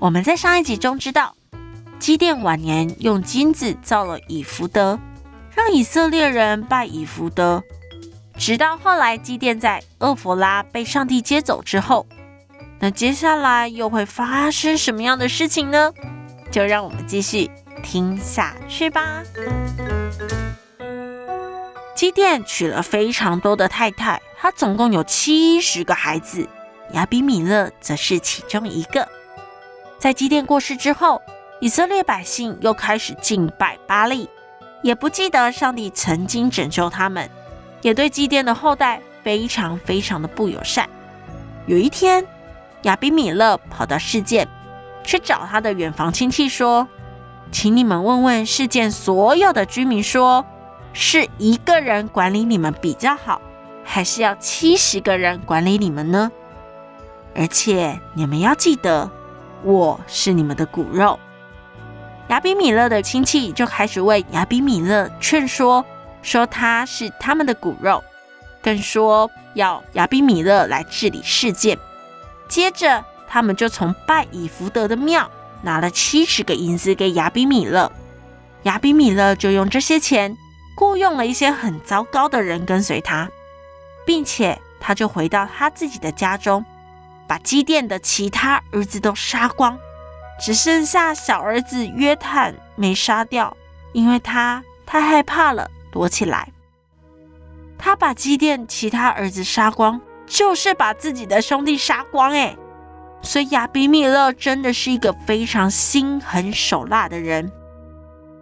我們在上一集中知道，基甸晚年用金子造了以弗得，讓以色列人拜以弗得。直到後來，基甸在厄佛拉被上帝接走之後，那接下來又會發生什麼樣的事情呢？就讓我們繼續聽下去吧。基甸娶了非常多的太太，他總共有七十個孩子，亞比米勒則是其中一個。在基甸過世之後，以色列百姓又開始敬拜巴力，也不記得上帝曾經拯救他們，也對基甸的後代非常非常的不友善。有一天，亞比米勒跑到示劍去找他的遠房親戚說：“請你們問問示劍所有的居民說，說是一個人管理你們比較好，還是要七十個人管理你們呢？而且你們要記得。”我是你們的骨肉。亞比米勒的親戚就開始為亞比米勒勸說，說他是他們的骨肉，更說要亞比米勒來治理示劍。接着，他們就從拜以福德的廟拿了七十個銀子給亞比米勒，亞比米勒就用這些錢僱傭了一些很糟糕的人跟隨他，並且他就回到他自己的家中。把基甸的其他兒子都殺光，只剩下小兒子約坦沒殺掉，因為他太害怕了，躲起來。他把基甸其他兒子殺光，就是把自己的兄弟殺光誒，所以亞比米勒真的是一個非常心狠手辣的人。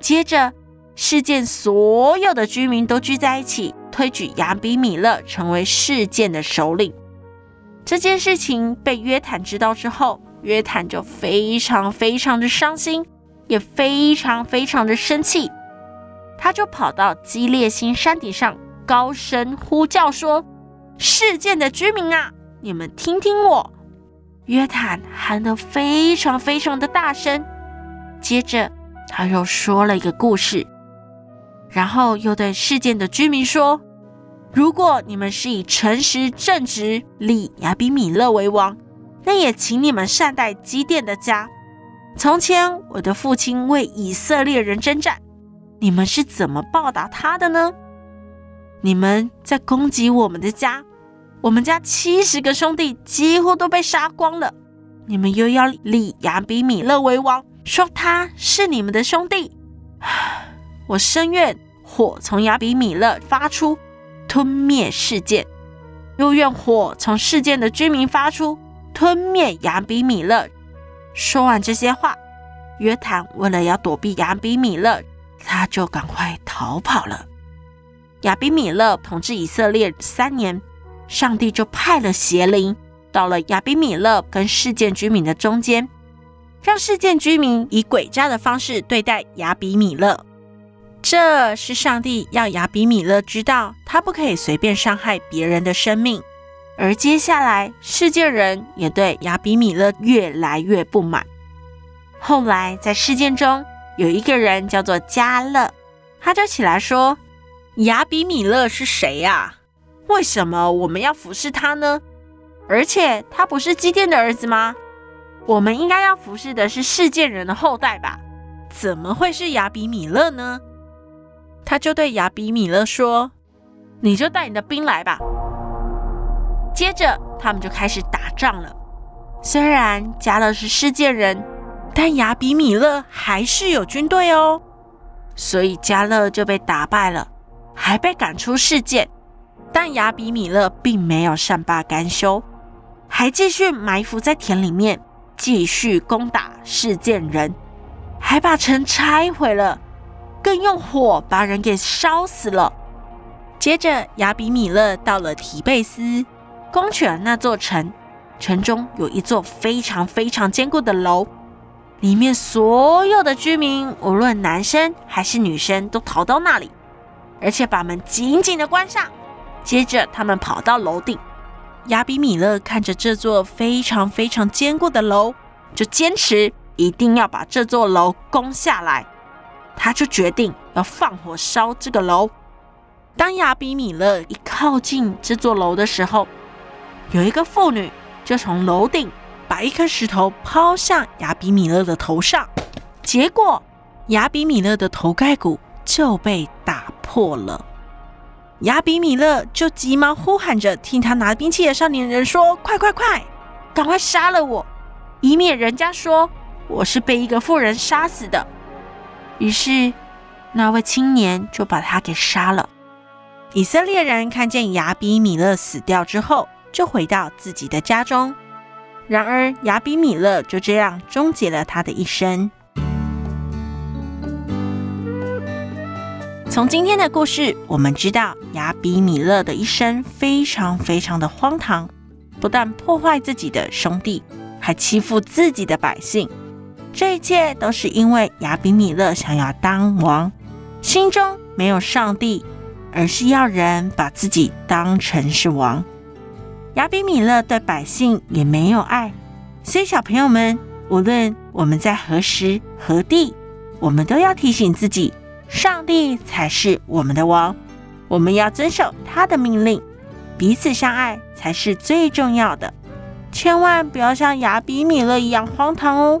接着，示劍所有的居民都聚在一起，推舉亞比米勒成為示劍的首領。這件事情被約坦知道之後，約坦就非常非常的傷心，也非常非常的生氣。他就跑到基利心山頂上，高聲呼叫說：“示劍的居民啊，你們聽聽我！”約坦喊得非常非常的大聲。接着他又說了一個故事，然後又對示劍的居民說。如果你們是以誠實正直立亞比米勒為王，那也請你們善待基甸的家。從前我的父親為以色列人征戰，你們是怎麼報答他的呢？你們在攻擊我們的家，我們家七十個兄弟幾乎都被殺光了。你們又要立亞比米勒為王，說他是你們的兄弟，我深願火從亞比米勒發出。吞滅示劍，又用火從示劍的居民發出，吞滅亞比米勒。說完這些話，約坦為了要躲避亞比米勒，他就趕快逃跑了。亞比米勒統治以色列三年，上帝就派了邪靈到了亞比米勒跟示劍居民的中間，讓示劍居民以詭詐的方式對待亞比米勒。這是上帝要亞比米勒知道，他不可以隨便傷害別人的生命。而接下來，世界人也對亞比米勒越來越不滿。後來，在事件中有一個人叫做迦勒，他就起來說：“亞比米勒是誰呀、啊？為什麼我們要服侍他呢？而且他不是基甸的兒子嗎？我們應該要服侍的是世界人的後代吧？怎麼會是亞比米勒呢？”他就對亞比米勒說：“你就帶你的兵來吧。”接着他們就開始打仗了。雖然迦勒是示劍人，但亞比米勒還是有軍隊哦，所以迦勒就被打敗了，還被趕出示劍，但亞比米勒並沒有善罷甘休，還繼續埋伏在田裡面，繼續攻打示劍人，還把城拆毀了。更用火把人給燒死了。接着，亞比米勒到了提貝斯，攻取了那座城。城中有一座非常非常堅固的樓，裡面所有的居民，無論男生還是女生，都逃到那裡，而且把門緊緊的關上。接着，他們跑到樓頂。亞比米勒看着這座非常非常堅固的樓，就堅持一定要把這座樓攻下來。他就決定要放火燒這個樓。當亞比米勒一靠近這座樓的時候，有一個婦女就從樓頂把一顆石頭拋向亞比米勒的頭上，結果亞比米勒的頭蓋骨就被打破了。亞比米勒就急忙呼喊着，替他拿兵器的少年人說：“快快快，趕快殺了我，以免人家說我是被一個婦人殺死的。”於是，那位青年就把他給殺了。以色列人看見亞比米勒死掉之後，就回到自己的家中。然而，亞比米勒就這樣終結了他的一生。從今天的故事，我們知道亞比米勒的一生非常非常的荒唐，不但破壞自己的兄弟，還欺負自己的百姓。這一切都是因為亞比米勒想要當王，心中沒有上帝，而是要人把自己當成是王。亞比米勒對百姓也沒有愛，所以小朋友們，無論我們在何時何地，我們都要提醒自己，上帝才是我們的王，我們要遵守他的命令，彼此相愛才是最重要的，千萬不要像亞比米勒一樣荒唐哦。